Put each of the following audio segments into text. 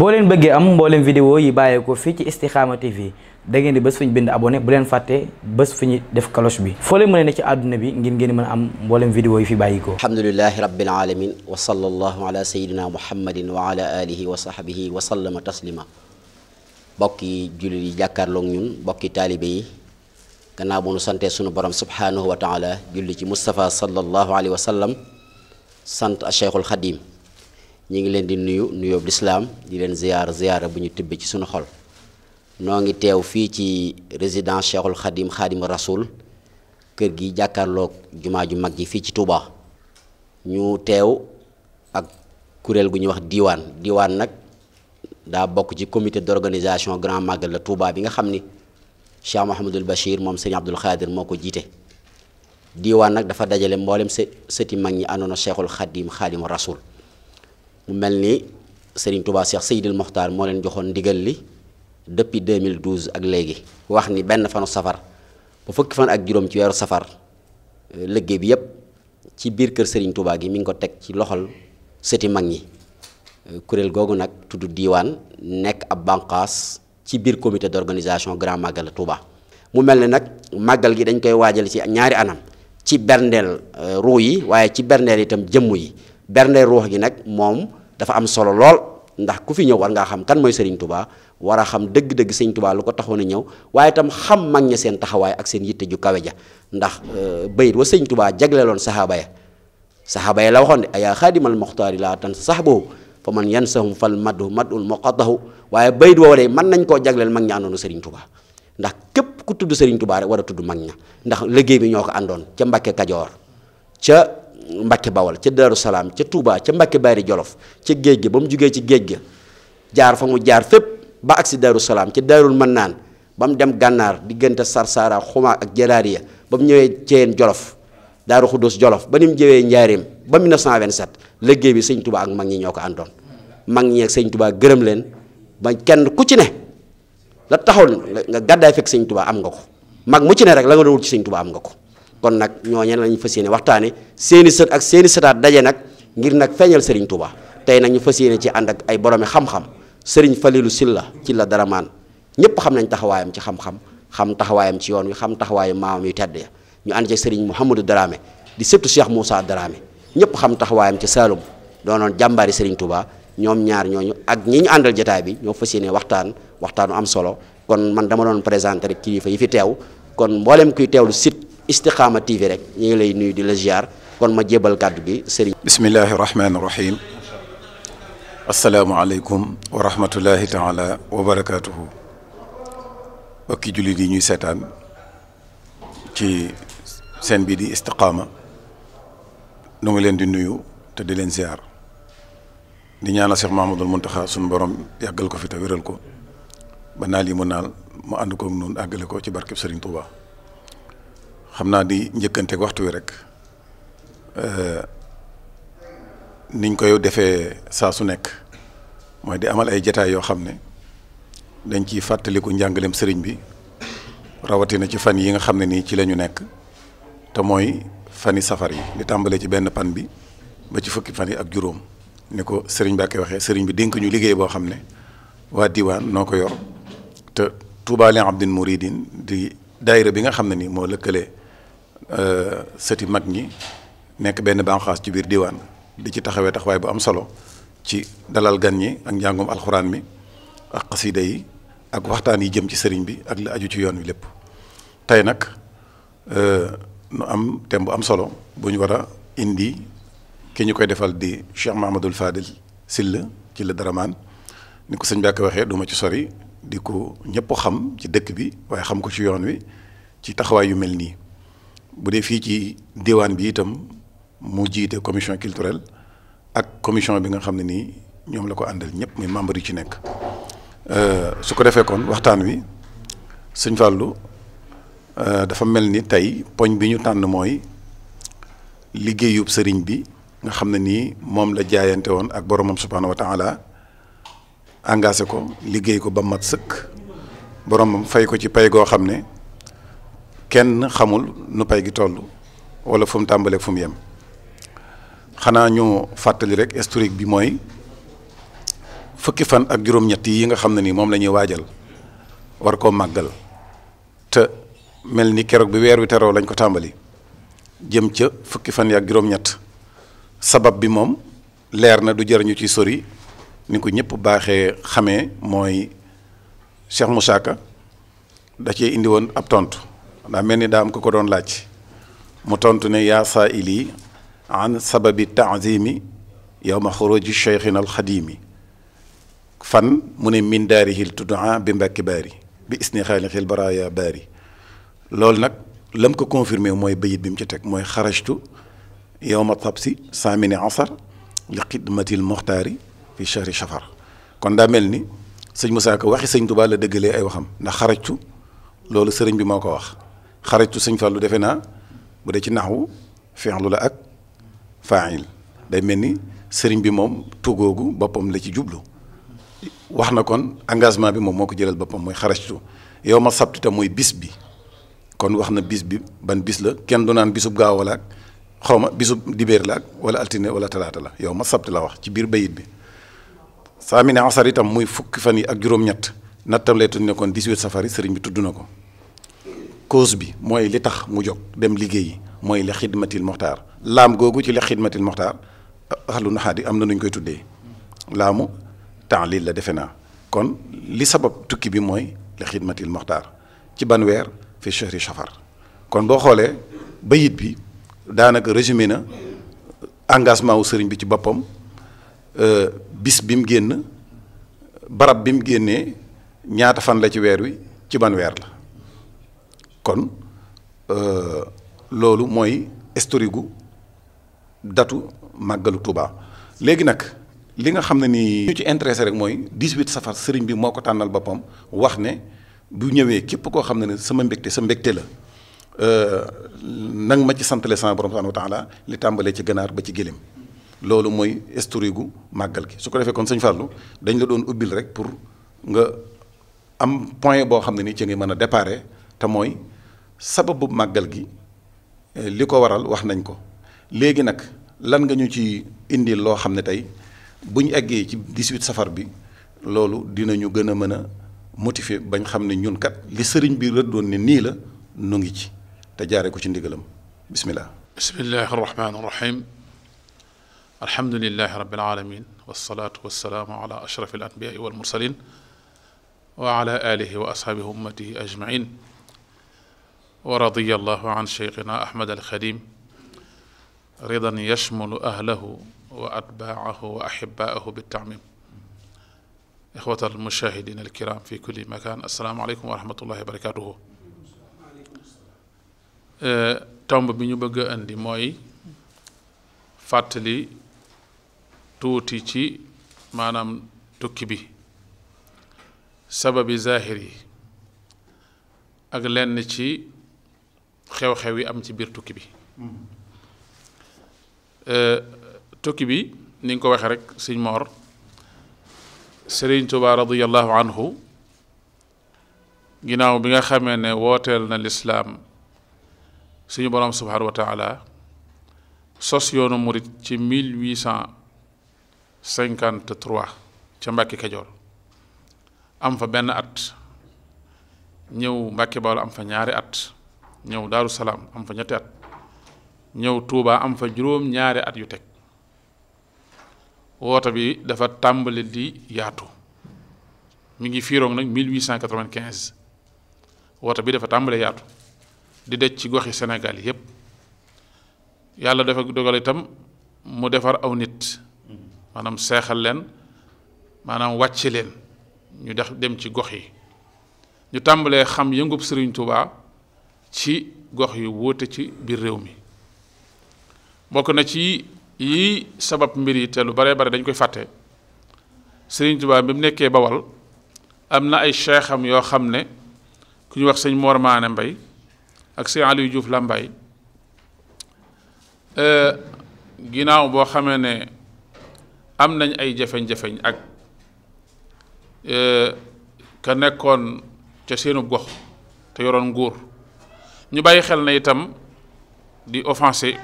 boo leen bëggee am mbooleem vidéo yi bàyyeekoo fii ci Istikhama TV da ngeen di bés bind abonné bu leen fàtte bés fu ñu def cloche bi foo leen mën a ne ci àdduna bi ngir ngeen mën a am mbooleem vidéo yi fi bàyyikoo alhamdulilahi rabbil alamin wa sallallahu ala sayidina muhammadin wa ala alihi wa sahbihi wa sallama taslima bokki jullit yi jàkkaarloog ñun bokki taalibe yi gannaaw bu nu santee sunu borom subhanahu wa taala julli ci Mustafa sallallahu alayhi wa sallam sant a Cheikhul Xadim ñu ngi leen di nuyu nuyoob lislaam di leen ziyaara ziyaara bu ñu tibbee ci suñu xol noo ngi teew fii ci résidence Cheikhul Khadim Khadim Rasoul kër gi jàkkaarloog jumaa ju mag ji fii ci Touba ñu teew ak kuréel gu ñuy wax diwaan diwaan nag daa bokk ci comité d'organisation grand magal la Touba bi nga xam ni Cheikh Mouhamadul Bachir moom sëñ Abdul Khadir moo ko jiite diwaan nag dafa dajale mboolem së sëti mag ñi àndoona Cheikhul Khadim Khadim Rasoul mu mel ni Serigne Touba Cheikh Seydil Mokhtar moo leen joxoon ndigal li depuis 2012 ak léegi wax ni benn fanu safar bu fukki fan ak juróom ci weeru safar euh, liggéey bi yépp ci biir kër Serigne Touba gi mi ngi ko teg ci loxol seeti mag ñi euh, kuréel googu nag tudd diiwaan nekk ab bànqaas ci biir comité d'organisation grand magal Touba mu mel ni nag màggal gi dañ koy waajal ci ñaari anam ci berndeel euh, ruu yi waaye ci berndeel itam jëmm yi bernde ruux gi nag moom dafa am solo lool ndax ku fi ñëw war ngaa xam kan mooy Serigne Touba war a xam dëgg-dëgg Serigne Touba lu ko taxoon a ñëw waaye tam xam mag ña seen taxawaay ak seen yitte ju kawe ja ndax euh, bayit wa Serigne Touba jagleeloon saxaaba ya saxaaba ya la waxoon de ayaa xaadimal moxtaari laa tan sax boobu fa man yansahum fal madhu madul muqatahu waaye bayit woowu de mën nañ koo jagleel mag ña àndoona Serigne Touba ndax képp ku tudd Serigne Touba rek war mag ña ndax liggéey bi ñoo ko àndoon ca Mbàkke Kajoor Mbacke Bawal ca daaru Salaam ca Touba ca Mbacke baari Jolof ca géej ga ba mu jugee ci géej ga jaar fa mu jaar fépp ba agsi Darou Salaam ca daarul man naan ba mu dem gànnaar diggante Sarsara Xuma ak Jalaariya ba mu ñëwee Ceyeen Jolof Daaru Xudus Jolof ba ni mu jëwee Njaareem ba 1927 liggéey bi sëñ Touba ak mag ñi ñoo ko àndoon mag ñi ak sëñ Touba gërëm leen ba kenn ku ci ne la taxoon nga gàddaay fekk sëñ Touba am nga ko mag mu ci ne rek la nga ci sëñ am nga ko. kon nag ñoo ñooñu lañu fas yéene waxtaane seeni sët ak seeni sëtaat daje nag ngir nag feeñal Serigne Touba tey nag ñu fas yéene ci ànd ak ay boroomi xam-xam Serigne Falilou Sylla ci la dara maan ñëpp xam nañ taxawaayam ci xam-xam taxawaayam ci yoon wi xam taxawaayu maamam yu tedd ñu ànd ci Serigne Mouhamadou di sëttu Cheikh Moussa Dramé ñëpp xam taxawaayam ci Saloum doonoon jàmbaari Serigne Touba ñoom ñaar ñooñu ak ñi ñu àndal jotaay bi ñoo fas yéene waxtaan waxtaanu am solo kon man dama doon présenter kilifa yi fi teew kon mboolem kuy teewlu site Istikhama TV rek ñu ngi lay nuyu di la ziar kon ma jébal kàddu gi sëriñ. bismillahi rahmaani rahim asalaamualeykum wa rahmatullahi taala wa barakaatuhu jullit yi ñuy seetaan ci seen bii di Istikhama nu ngi leen di nuyu te di leen ziar di ñaanal Cheikh Mahmadul Muntaxa suñu borom yàggal ko fi te wéral ko ba naal yi mu naal mu ànd koog noonu àggale ko ci barkeb Serigne Touba. xam naa di njëkkante waxtu wi rek euh, niñ koy defee saa su nekk mooy di amal ay jataay yoo xam ne dañ ciy fàttaliku njàngaleem sëriñ bi rawatina ci fan yi nga xam ne nii ci la ñu nekk te mooy fani safar yi di tàmbale ci benn pan bi ba ci fukki fan yi ak juróom ni ko sëriñ Mbacke waxee sëriñ bi dénk ñu liggéey boo xam ne waa diwaan noo ko yor te Touba li abdin muridin di daayira bi nga xam ne nii moo lëkkalee Euh, sëti mag ñi nekk benn banqaas ci biir diwaan di ci taxawee taxawaay bu am solo ci dalal gan ñi ak njàngum alxuraan mi ak xasida yi ak waxtaan yi jëm ci sëriñ bi ak la aju ci yoon wi lépp tey nag euh, nu am thème bu am solo bu ñu war a indi ki ñu koy defal di Cheikh Mahamadul Fadil Sylla ci la Daraman ni ko sëñ Mbàkke waxee duma ci sori di ko ñëpp xam ci dëkk bi waaye xam ko ci yoon wi ci taxawaay yu mel nii bu dee fii ci diwaan bi itam mu jiite commission culturelle ak commission bi nga xam ne nii ñoom la ko àndal ñëpp muy membre yi ci nekk. Euh, su ko defee kon waxtaan wi sëñ Fallou euh, dafa mel ni tey poñ bi ñu tànn mooy liggéeyub sëriñ bi nga xam ne nii moom la jaayante woon ak boromam subhaanahu wa taala engagé ko liggéey ko ba mat sëkk boromam fay ko ci pay goo xam ne. kenn xamul nu gi toll wala fu tàmbali tàmbalee fu yem xanaa ñu fàttali rek historique bi mooy fukki fan ak juróom-ñett yi nga xam ne ni moom lañuy waajal war koo màggal te mel ni keroog bi weer wi teroo lañ ko tàmbali jëm ca fukki fan yi ak juróom-ñett sabab bi moom leer na du jëriñu ci sori ni ko ñëpp baaxee xamee mooy Cheikh Moussa Ka da cee indi woon ab tontu. daa mel ni daa am ko ko doon laaj mu tontu ne yaa saa ili an sababi taazimi yowma xuruji cheikhina alxadimi fan mu ne min daarihil tudaa bi mbàkki baari bi isni xaalixil baraaya baari loolu nag lam ko confirmé mooy bayit bi mu ci teg mooy xarajtu ma tabsi saamini asar li xidmatil muxtaari fi chahri safar kon daa mel ni sëñ Moussa Ka waxi sëñ Tuubaa la dëggalee ay waxam ndax xarajtu loolu sëriñ bi moo ko wax xarajtu sëñ Fallou defe naa bu dee ci naxwu fi'lu la ak fa'il day mel ni sëriñ bi moom tuggoogu boppam la ci jublu wax na kon engagement bi moom moo ko jëlal boppam mooy xarajtu yow ma sabti tam mooy bis bi kon wax na bis bi ban bis la kenn du naan bisub gaaw la ak xaw ma bisub dibéer la ak wala altine wala talaata la yow ma sabti la wax ci biir bayit bi saa mi ne asar itam muy fukki fan yi ak juróom-ñett nattam lay tudd ne kon 18 safari sëriñ bi tudd na ko cause bi mooy li tax mu jóg dem liggéeyi mooy li xidmatil moxtar laam googu ci li xidmatil moxtaar ahlu yi am na nuñ koy tuddee laamu taalil la defe naa kon li sabab tukki bi mooy li xidmatil moxtaar ci ban weer fi chahri safar kon boo xoolee bayit bi daanaka résumé na engagement wu sëriñ bi ci boppam euh, bis bi mu génn barab bi mu génnee ñaata fan la ci weer wi ci ban weer la kon euh, loolu mooy historique datu màggalu Touba léegi nag li nga xam ne nii. ñu ci intéressé rek mooy 18 safar sëriñ bi moo ko tànnal boppam wax ne bu ñëwee képp koo xam ne ne sama mbégte sa mbégte la euh, nang ma ci santale sama borom subhanahu wa li tàmbalee ci ganaar ba ci gëléem loolu mooy historique gu màggal gi su ko defee kon sëñ Fallou dañ la doon ubbil rek pour nga am point boo xam ne nii ci nga mën a déparé te mooy. sababu màggal gi eh, li ko waral wax nañ ko léegi nag lan nga ñu ci indi loo xam ne tey bu ñu eggee ci 18 safar bi loolu dinañu gën a mën a motiver bañ xam ne ñun kat li sëriñ bi rëddoon ne nii la nu ngi ci te jaaree ko ci ndigalam bismillah bismillahi arrahmani arrahim alhamdulilahi rabbil alamin wasalaatu wasalaamu ala wa ala alihi wa ashaabihi ummatihi ajmain wa radiya allahu an cheikhina ahmad alxadim ridan yachmulu ahlahu wa atbaahu wa ahibaahu bittamim ixwata almushahidin alkiram fi kulli makan asalaamaaleykum wa rahmatullahi wa barakatuhu eh, tomb bi ñu bëgg a indi mooy fàttali tuuti ci maanaam tukki bi sababi zahir yi ak lenn ci xew-xew yi am ci biir tukki bi hmm. euh, tukki bi ni ko waxee rek sëñ Mor Sëriñ Tuubaa radiyallahu anhu ginnaaw bi nga xamee ne wooteel na lislaam suñu borom subhaanahu wa taala sos yoonu murit ci 1853 ca Mbàkke Kajoor am fa benn at ñëw Mbàkke Bawol am fa ñaari at ñëw daaru salaam am fa ñetti at ñëw Touba am fa juróom ñaari at yu teg woote bi dafa tàmbali di yaatu mu ngi fiiroog nag 1895 woote bi dafa tàmbale yaatu di dej ci goxi Sénégal yépp yàlla dafa dogal itam mu defar aw nit maanaam seexal leen maanaam wàcce leen ñu def dem ci gox yi ñu tàmbalee xam yëngub sëriñ Touba. ci gox yu wóote ci biir réew mi bokk na ci yi sabab mbir yi te lu bare bare dañ koy fàtte Sëriñ Tuubaa bi mu nekkee Bawal am na ay seexam yoo xam ne ku ñu wax sëñ mormaane Mbay ak sëñ Aliou Diouf Lambaay euh, ginnaaw boo xamee ne am nañ ay jafeñ-jafeñ ak euh, ka nekkoon ca seenu gox te yoroon nguur ñu bàyyi xel na itam di offensé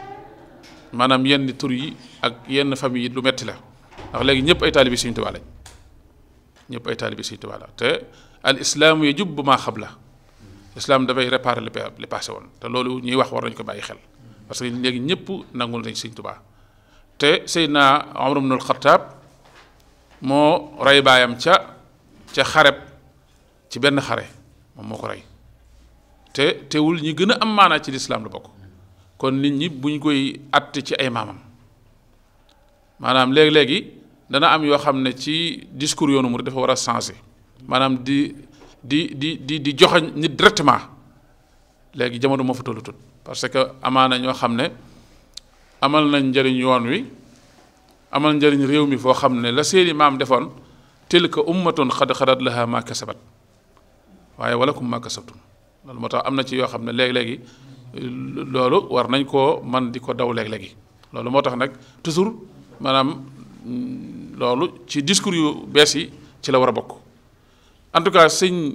maanaam yenn tur yi ak yenn famille yi lu metti la ndax léegi ñëpp ay taalibi Sëriñ Tuubaa lañ ñëpp ay taalibi Sëriñ Tuubaa la te al islaam yajubbu maa qabla islam dafay réparer li passé woon te loolu ñuy wax war nañu ko bàyyi xel parce que léegi ñëpp nangul nañ Sëriñ Tuubaa te Seydina Umar ibnul Xattaab moo rey baayam ca ca xareb ci benn xare moom moo ko rey te teewul ñi gën a am maanaa ci lislaam la bokk kon nit ñi buñ koy atte ci ay maamam maanaam léegi-léegi dana am yoo xam ne ci discours yoonu murid dafa war a sensé maanaam di di di di di joxañ nit directement léegi jamono moo fa tollutul parce que amaana ñoo xam ne amal nañ njëriñ yoon wi amal njariñ réew mi foo xam ne la seeni maam defoon tilka ko xad xadat laha ma kasabat waaye walakum ma kasabtum loolu moo tax am na ci yoo xam ne léeg-léegi loolu war nañ koo man di ko daw léeg-léegi loolu moo tax nag toujours maanaam mm, loolu ci discours yu bees yi ci la war a bokk en tout cas sëñ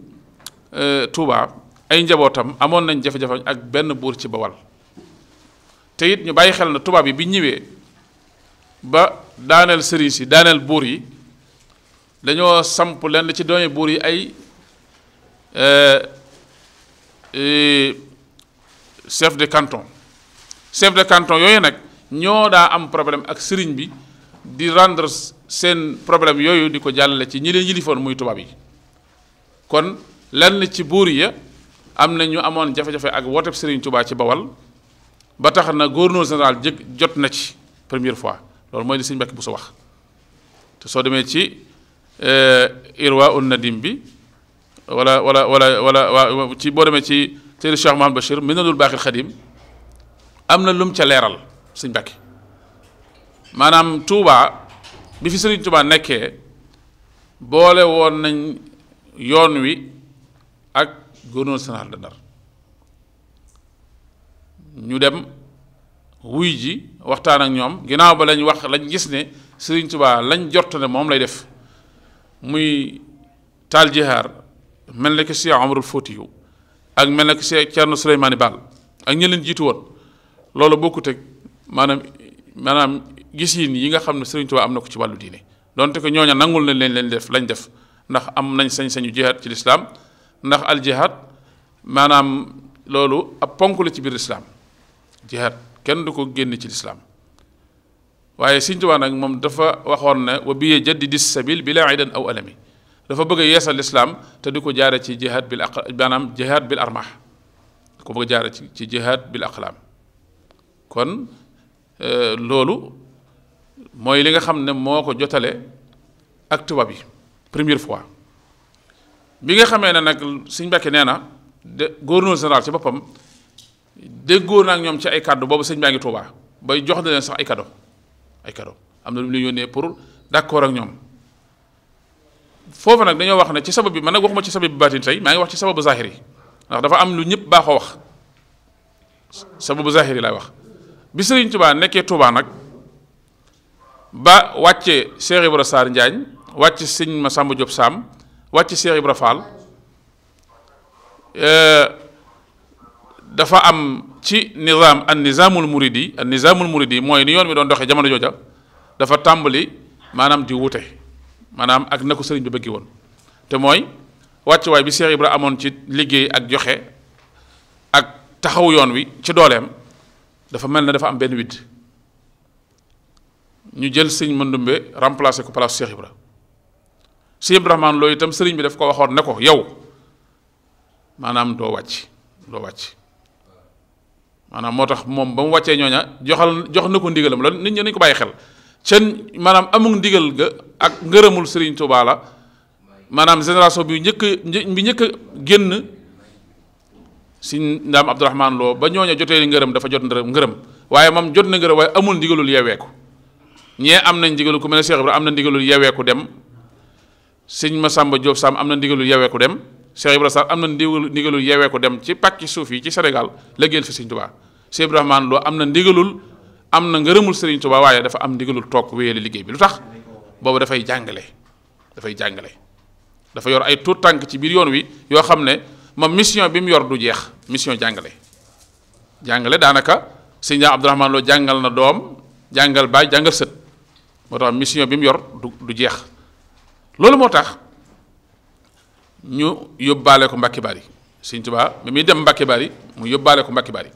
euh, Touba ay njabootam amoon nañ jafe-jafe ak benn buur ci Bawal te it ñu bàyyi xel na tubaab yi bi ñëwee ba daaneel sëriñ yi daaneel buur yi dañoo samp lenn ci doomi buur yi ay euh, chef de canton chef de canton yooyu nag ñoo daa am problème ak sëriñ bi di rendre seen problème yooyu di ko jàllale ci ñi leen yilifoon muy tubaab yi kon lenn ci buur ya am na ñu amoon jafe-jafe ak wooteb sëriñ Tuubaa ci Bawal ba tax na gouverneur général jëkk jot na ci première fois loolu mooy li sëñ Mbàkke bu sa wax te soo demee ci euh, Irwa na Nadim bi wala wala wala wala waa ci boo demee ci Seydi Cheikh Mahamad Bachir Minanul Baaxil Xadim am na lum ca leeral sëñ Mbàkke maanaam tuubaa bi fi Sëriñ Touba nekkee boole woon nañ yoon wi ak gouverneur général de Ndar ñu dem wuy ji waxtaan ak ñoom ginnaaw ba lañ wax lañ gis ne Sëriñ Touba lañ jot ne moom lay def muy taal jihaar mel na ki Cheikh Omarul Foutiyu ak mel na ki Cheikh Thierno Souleymane Baal ak ñi leen jiitu woon loolu bokkut ak maanaam maanaam gis yi nga xam ne Serigne Touba am na ko ci wàllu diine donte ko ñooña nangul nañ leen leen def lañ def ndax am nañ sañ-sañu jihaad ci lislaam ndax al maanaam loolu ab ponk la ci biir lislaam jihaad kenn du ko génn ci lislaam waaye Serigne Touba nag moom dafa waxoon ne wa biye jaddi dis sabil bila idan aw alami dafa bëgg a yeesal te di ko jaare ci jihaad bil aq maanaam jihaad bil armah di jaare ci ci jihaad bil aqlaam kon e, loolu mooy li nga xam ne moo ko jotale ak tuba bi première fois bi nga xamee ne nag suñ Mbàkke nee na de gouverneur général ci boppam déggoo na ñoom ci ay kàddu boobu sëñ baa ngi Tuubaa bay jox na leen sax ay kado ay kado am na lu mu yónnee pour d'accord ak ñoom foofu nag dañoo wax ne ci sabab bi man nag waxuma ci sabab bi baatin tey maa ngi wax ci sababu zahir ndax dafa am lu ñëpp baaxoo wax sababu zahir yi laay wax bi Sëriñ Tuubaa nekkee Tuubaa nag ba wàcce Cheikh Ibra Sarr Njaañ wàcce Sëñ Masamba Diop Sam wàcce Cheikh Ibra Fall euh, dafa am ci nizaam an nizaamul muridi an nizaamul muridi mooy ni yoon wi doon doxee jamono jooja dafa tàmbali maanaam di wute maanaam ak na ko sëriñ bi bëgg woon te mooy wàccuwaay bi Cheikh Ibra amoon ci liggéey ak joxe ak taxaw yoon wi ci dooleem dafa mel na dafa am benn witt ñu jël sëñ Mandumbe remplacé ko place Cheikh Ibra Cheikh Ibrahima loolu itam sëriñ bi daf ko waxoon ne ko yow maanaam doo wàcc doo wàcc maanaam moo tax moom ba mu wàccee ñooña joxal jox na ko ndigalam loolu nit ñi nañu ko bàyyi xel seen maanaam amul ndigal ga ak ngërëmul sëriñ Touba la maanaam génération bi njëkk bi njëkk a génn si ndaam Abdourahmane Lo ba ñoo ñee jotee ngërëm dafa jot ndërëm ngërëm waaye moom jot na ngërëm waaye amul ndigalul yeweeku ñee am nañ ndigalul ku mel ne am na ndigalul yeweeku dem sëñ Massamba Diop Sam am na ndigalul yeweeku dem Cheikh Ibrahima am na ndigalul ndigalul yeweeku dem ci pàcc suuf yi ci Sénégal lëggéeyal fi Sëriñ am na ndigalul am na ngërëmul Sëriñ tubaa waaye dafa am ndigalul toog wéyale liggéey bi lu tax boobu dafay jàngale dafay jàngale dafa yor ay tout tànk ci biir yoon wi yoo xam ne ma mission bi mu yor du jeex mission jàngale jàngale daanaka sëñ daa Abdourahman Lo jàngal na doom jàngal baay jàngal sët moo tax mission bi mu yor du du jeex loolu moo tax ñu yóbbaale ko Mbàkke Bari Sëñ Tuubaa bi muy dem Mbàkke Bari mu yóbbaale ko Mbàkke Bari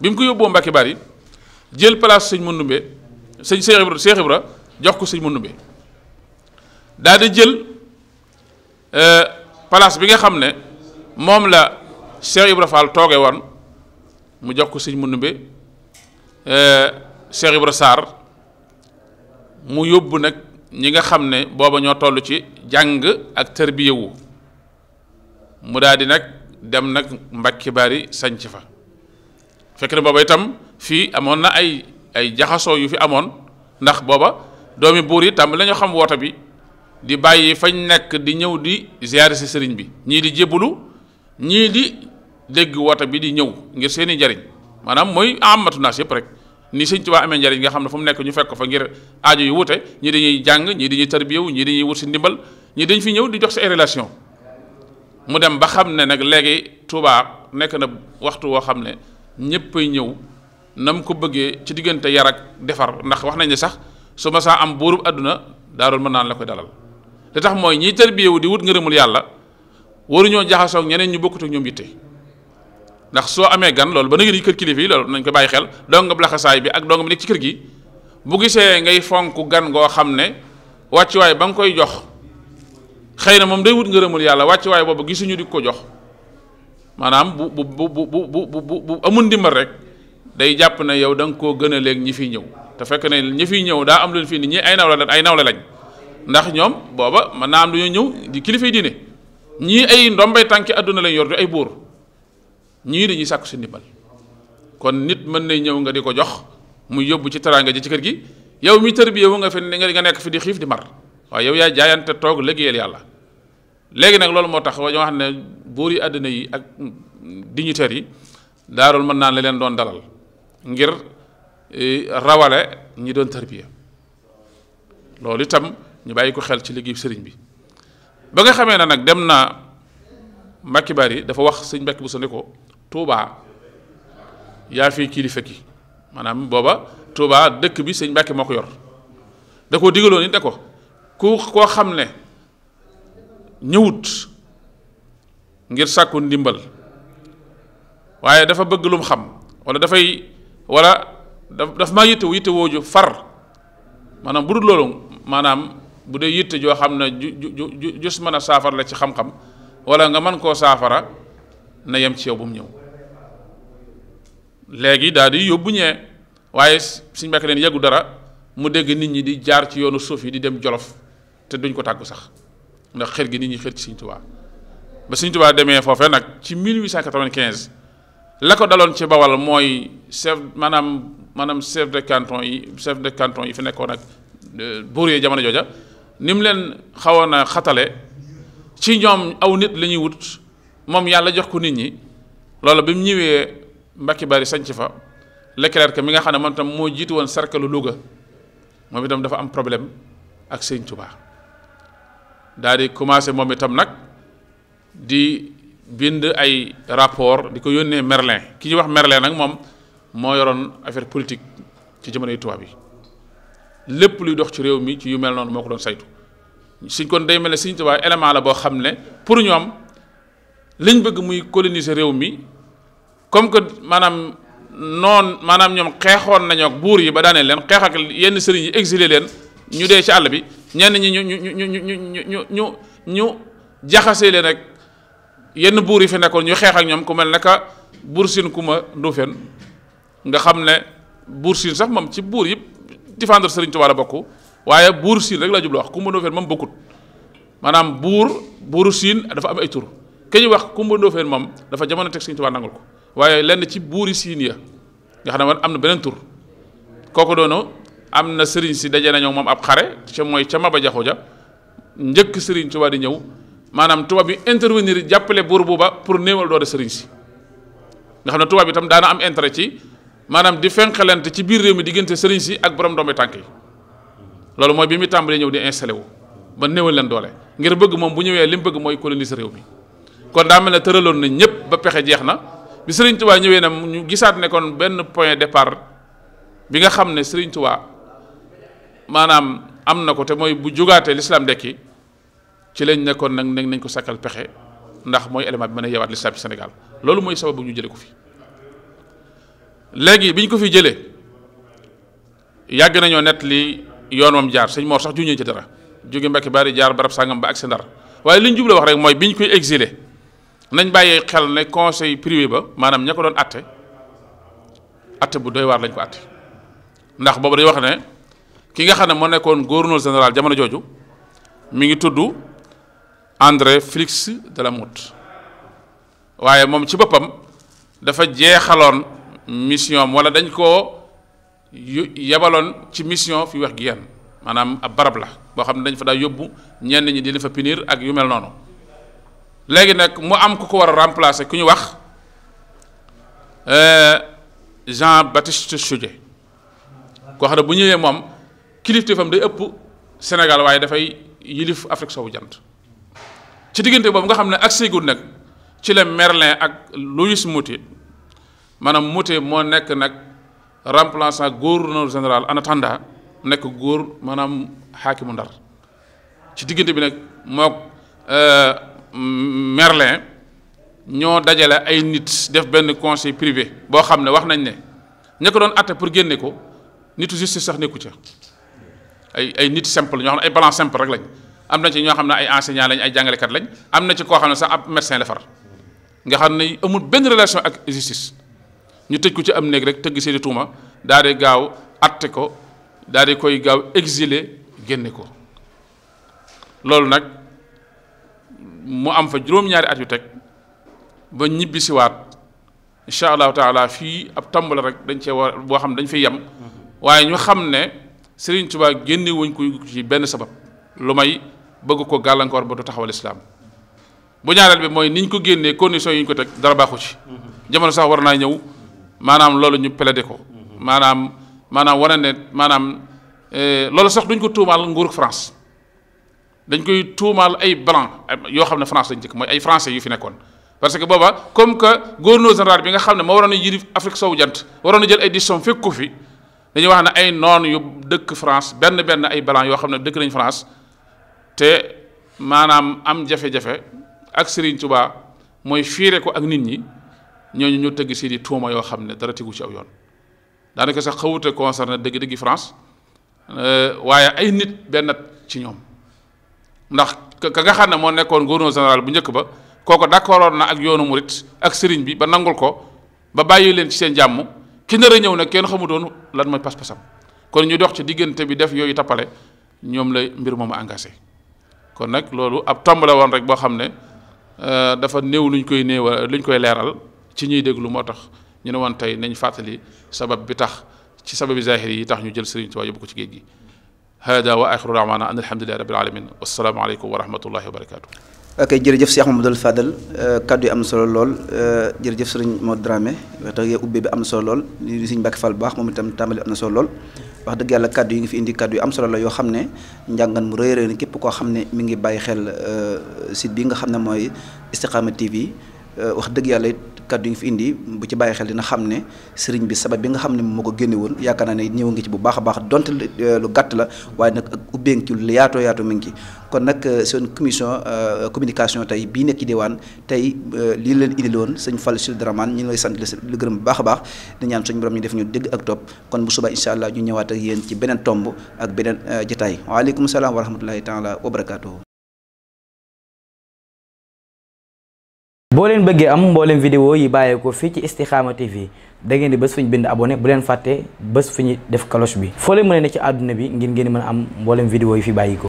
bi mu ko yóbboo Mbàkke Bari jël place sëñ Mandumbe sëñ Cheikh Ibra Cheikh Ibra jox ko sëñ Mandumbe daal di jël euh, place bi nga xam ne moom la Cheikh Ibra Fall tooge woon mu jox ko sëñ bi euh, Cheikh Ibra Sarr mu yóbbu nag ñi nga xam ne booba ñoo toll ci jàng ak tërbiyewu mu daal nag dem nag Mbàkke Bari sanc fa fekk na booba itam fii amoon na ay ay jaxasoo yu fi amoon ndax booba doomi buur yi tàmbali nañu xam woote bi di bàyyi fañ nekk di ñëw di ziyaare si sëriñ bi ñii di jébbalu ñii di dégg woote bi di ñëw ngir seen i njariñ maanaam mooy amatu naas yëpp rek ni sëñ Tuubaa amee njariñ nga xam ne fu mu nekk ñu fekk fa ngir aajo yi wute ñii dañuy jàng ñii dañuy tarbiyewu ñii dañuy wut si ndimbal ñii dañ fi ñëw di jox si ay relation mu dem ba xam ne nag léegi Tuubaa nekk na waxtu woo xam ne ñëppay ñëw na mu ko bëggee ci diggante yar ak defar ndax wax nañ sax su ma saa am buurub àdduna daarul mën naan la koy dalal li tax mooy ñii tërbiye wu di wut ngërëmul yàlla waruñoo jaxasoo ñeneen ñu bokkut ñu ñoom yitte ndax soo amee gan loolu ba na ngeen kër kilifa yi loolu nañ ko bàyyi xel dong laxasaay bi ak dong bi kër gi bu gisee ngay fonk gan goo xam ne wàccuwaay ba nga koy jox xëy na moom day wut ngërëmul yàlla wàccuwaay boobu gisuñu di ko jox maanaam bu bu bu bu bu bu amul ndimbal rek day jàpp ne yow danga nga koo gën a léeg ñi fiy ñëw. te fekk ne ñi fiy ñëw daa am lu fii ni ñi ay nawle lañ ay nawle lañ ndax ñoom booba mën naa am lu ñuy ñëw di kilifay diine ñii ay ndombay tànki àdduna lañ yor du ay buur ñii dañuy sàkku si ndimbal kon nit mën na ñëw nga di ko jox muy yóbbu ci teraanga ji ci kër gi yow mi tër bi yow nga fi nga nekk fi di xiif di mar waaye yow yaa jaayante toog liggéeyal yàlla léegi nag loolu moo tax ñoo xam ne buur yi àddina yi ak dignitaires yi daarul mën naa la leen doon dalal ngir rawale ñi doon tarbiya loolu itam ñu bàyyi ko xel ci liggéey sëriñ bi ba nga xamee ne nag dem na Mbàkke yi dafa wax sëñ Mbàkke bu sa ne ko Touba yaa fi kilifa ki maanaam booba Touba dëkk bi sëñ Mbàkke moo ko yor da koo digaloon it da ko ku koo xam ne ñëwut ngir sàkku ndimbal waaye dafa bëgg lum xam wala dafay wala daf daf maa yitte yitte wooju far maanaam bu dul loolu maanaam bu dee yitte joo xam ne ju ju ju jus mën a saafara la ci xam-xam wala nga mën koo saafara na yem ci yow bu mu ñëw léegi daal di yóbbu ñee waaye suñu mbekk neen yeggu dara mu dégg nit ñi di jaar ci yoonu suuf yi di dem jolof te duñ ko tàggu sax ndax xër gi nit ñi xër ci Sëriñ Tuubaa ba Sëriñ Tuubaa demee foofee nag ci 1895 la ko daloon ci Bawal mooy chef maanaam maanaam chef de canton yi chef de canton yi fi nekkoon ak euh, buur yi jamono jooja ni mu leen xawoon a xatale ci ñoom aw nit la ñuy wut moom yàlla jox ko nit ñi loolu bi mu ñëwee Mbacke Bari sanc fa Leclerc mi nga xam ne moom tam moo jiitu woon cercle luga moom itam dafa am problème ak Sëñ Touba daal di commencé moom itam nag di bind ay rapport di ko yónnee Merlin ki ñu wax Merlin nag moom. moo yoroon affaire politique ci jamonoy tubaab yi lépp luy dox ci réew mi ci yu mel noonu moo ko doon saytu suñ kon day mel ne siñ Tuubaa élément la boo xam ne pour ñoom lañ bëgg muy coloniser réew mi comme que maanaam noon maanaam ñoom xeexoon nañoo ak buur yi ba daaneel leen xeex yenn sëriñ yi exilé leen ñu dee ci àll bi ñenn ñi ñu ñu ñu ñu ñu ñu ñu jaxasee leen ak yenn buur yi fi nekkoon ñu xeex ak ñoom ku mel naka buur Siin Kuma Nduufeen nga xam ne buur siin sax moom ci buur yëpp défendre Serigne Touba la bokk waaye buur siin rek laa jublu wax Kumba Ndoofeen moom bokkut maanaam buur buuru siin dafa am ay tur ke ñu wax Kumba Ndoofeen moom dafa jamono teg Serigne Touba nangul ko waaye lenn ci buuri siin ya nga xam ne am na beneen tur kooku doonu am na Serigne si daje nañoo moom ab xare ca mooy ca Maba Jaxu Ja njëkk Serigne Touba di ñëw maanaam Touba bi intervenir jàppale buur booba pour néewal doole Serigne si nga xam ne tubaab bi tam daana am intérêt ci. maanaam di fenqalante ci biir réew mi diggante sëriñ si ak borom ndombe tànk yi loolu mooy bi muy tàmbalee ñëw di installé wu ba néewal leen doole ngir bëgg moom bu ñëwee lim bëgg mooy coloniser réew mi kon daa mel nañ ñëpp ba pexe jeex na bi sëriñ Tuubaa ñëwee na ñu gisaat ne kon benn point départ bi nga xam ne sëriñ Tuubaa maanaam am na ko te mooy bu jógaatee lislaam dekki ci lañ nekkoon nag nañ ko sakkal pexe ndax mooy élément bi mën a yeewaat lislaam ci Sénégal loolu mooy sababu ñu jëlee ko fi. léegi bi ñu ko fi jëlee yàgg nañoo net li yoon moom jaar sëñ Mor sax juñu ci dara jóge Mbàkke Bari jaar barab sàngam ba ak si Ndar waaye li ñu jubla wax rek mooy bi ñu koy exilé nañ bàyyee xel ne conseil privé ba maanaam ña ko doon atte atte bu doy waar lañ ko atte ndax boobu day wax ne ki nga xam ne moo nekkoon gouverneur général jamono jooju mi ngi tudd André Félix de la Motte waaye moom ci boppam dafa jeexaloon. mission am wala dañ koo yebaloon ci mission fi wax gi yenn maanaam ab barab la boo xam ne dañ fa daal yóbbu ñenn ñi di fa punir ak yu mel noonu léegi nag mu am ku ko war a remplacer ku ñu wax euh, Jean Baptiste Sujet koo xam ne bu ñëwee moom kilifteefam day ëpp Sénégal waaye dafay yilif Afrique sowu jant ci diggante boobu nga xam ne ak séegul nag ci la Merlin ak Louis Mouti maanaam muté moo nekk nag remplaçant gouverneur général en attendant nekk góor maanaam xaakimu ndar ci diggante bi nag mook euh, Merlin ñoo dajale ay nit def benn conseil privé boo xam ne wax nañ ne ña ko doon atte pour génne ko nitu justice sax nekku ca ay ay nit simple ñoo xam ne ay balance simple rek lañ am na ci ñoo xam ne ay enseignant lañ ay jàngalekat lañ am na ci koo xam ne sax ab médecin la far nga xam ne amul benn relation ak justice ñu tëj ko ci am néeg rek tëgg seeni tuuma daal gaaw atte ko daal di koy gaaw exilé génne ko loolu nag mu am fa juróom-ñaari at yu teg ba ñibbi siwaat incha allahu taala fii ab tàmbala rek dañ cee war boo xam ne dañ fay yem waaye ñu xam ne Serigne Touba génne wuñ ko ci benn sabab lu may bëgg ko gàllankoor ba du taxawal islaam bu ñaareel bi mooy niñ ko génnee conditions yi ñu ko teg dara baaxu ci mm-hmm. jamono sax war naa ñëw. maanaam loolu ñu plaidé ko maanaam maanaam wane ne maanaam eh, loolu sax duñ ko tuumaal nguurug France dañ koy tuumaal ay blanc yoo xam ne France lañ njëkk mooy ay français yu fi nekkoon parce que booba comme que gouverneur général bi nga xam ne moo waroon a yirif Afrique sowu jant waroon a jël ay décisions fekk ko fi dañuy wax ne ay noon yu dëkk France benn benn ay blanc yoo xam ne dëkk nañ France te maanaam am jafe-jafe ak Serigne Touba mooy fiire ko ak nit ñi ñooñu ñu tëgg seeni tuuma yoo xam ne dara tegu ci aw yoon daanaka sax xawute concerné dëgg-dëggi France euh, waaye ay nit benn ci ñoom ndax ka nga xam ne moo nekkoon gouverneur général bu njëkk ba kooko d'accordoon na ak yoonu murit ak sëriñ bi ba nangul ko ba bàyyi leen ci seen jàmm ki nar ñëw nag kenn xamutoon lan mooy pas-pasam kon ñu dox ci diggante bi def yooyu tappale ñoom lay mbir moom engagé kon nag loolu ab tomb la woon rek boo xam ne euh, dafa néew luñ koy néew luñ koy leeral ci ñuy déglu moo tax ñu ne woon tey nañ fàttali sabab bi tax ci sababi zahir yi tax ñu jël Sëriñ Tuubaa yóbbu ko ci géej gi hada wa axiru daawaana an alhamdulilahi rabbil alamin wasalaamu aleykum wa rahmatullahi wa barakatu ok jërëjëf Cheikh Mamadou Fadal euh, kaddu yi am na solo lool euh, jërëjëf sëriñ Modou Dramé wax tax yow ubbe bi am na solo li sëriñ Mbàkke Fall bu baax moom itam tàmbali am na solo lool wax dëgg yàlla kaddu yi nga fi indi kaddu yu am solo la yoo xam ne njàngan mu rëy rëy na képp koo xam ne mu ngi bàyyi xel euh, site bi nga xam ne mooy Istikhama TV Euh, wax dëgg yàlla it kaddu yi nga fi indi bu ci bàyyi xel dina xam ne sëriñ bi sabab bi nga xam ne moo ko génne woon yaakaar naa ne ñëw ngi ci bu baax a baax donte lu euh, gàtt la waaye nag ak ubbeen yaato yaato yaatoo mi ngi ci kon nag euh, seen commission communication tey bii nekk ci diwaan tey lii leen indi woon sëñ Fall dara Dramane ñu ngi lay sant lu gërëm bu baax a baax di ñaan suñ borom ñu def ñu dégg ak topp kon bu subaa incha allah ñu ñëwaat ak yéen ci beneen tomb ak beneen jotaay waaleykum salaam wa rahmatullahi taala wa barakaatuhu boo leen bëggee am mbooleem vidéo yi bàyyeekoo fii ci Istikhama TV da ngeen di bés fu ñu bind abonné bu leen fàtte bés fu ñu def cloche bi foo leen mën ne ci àdduna bi ngir ngeen mën am mbooleem vidéo yi fi bàyyikoo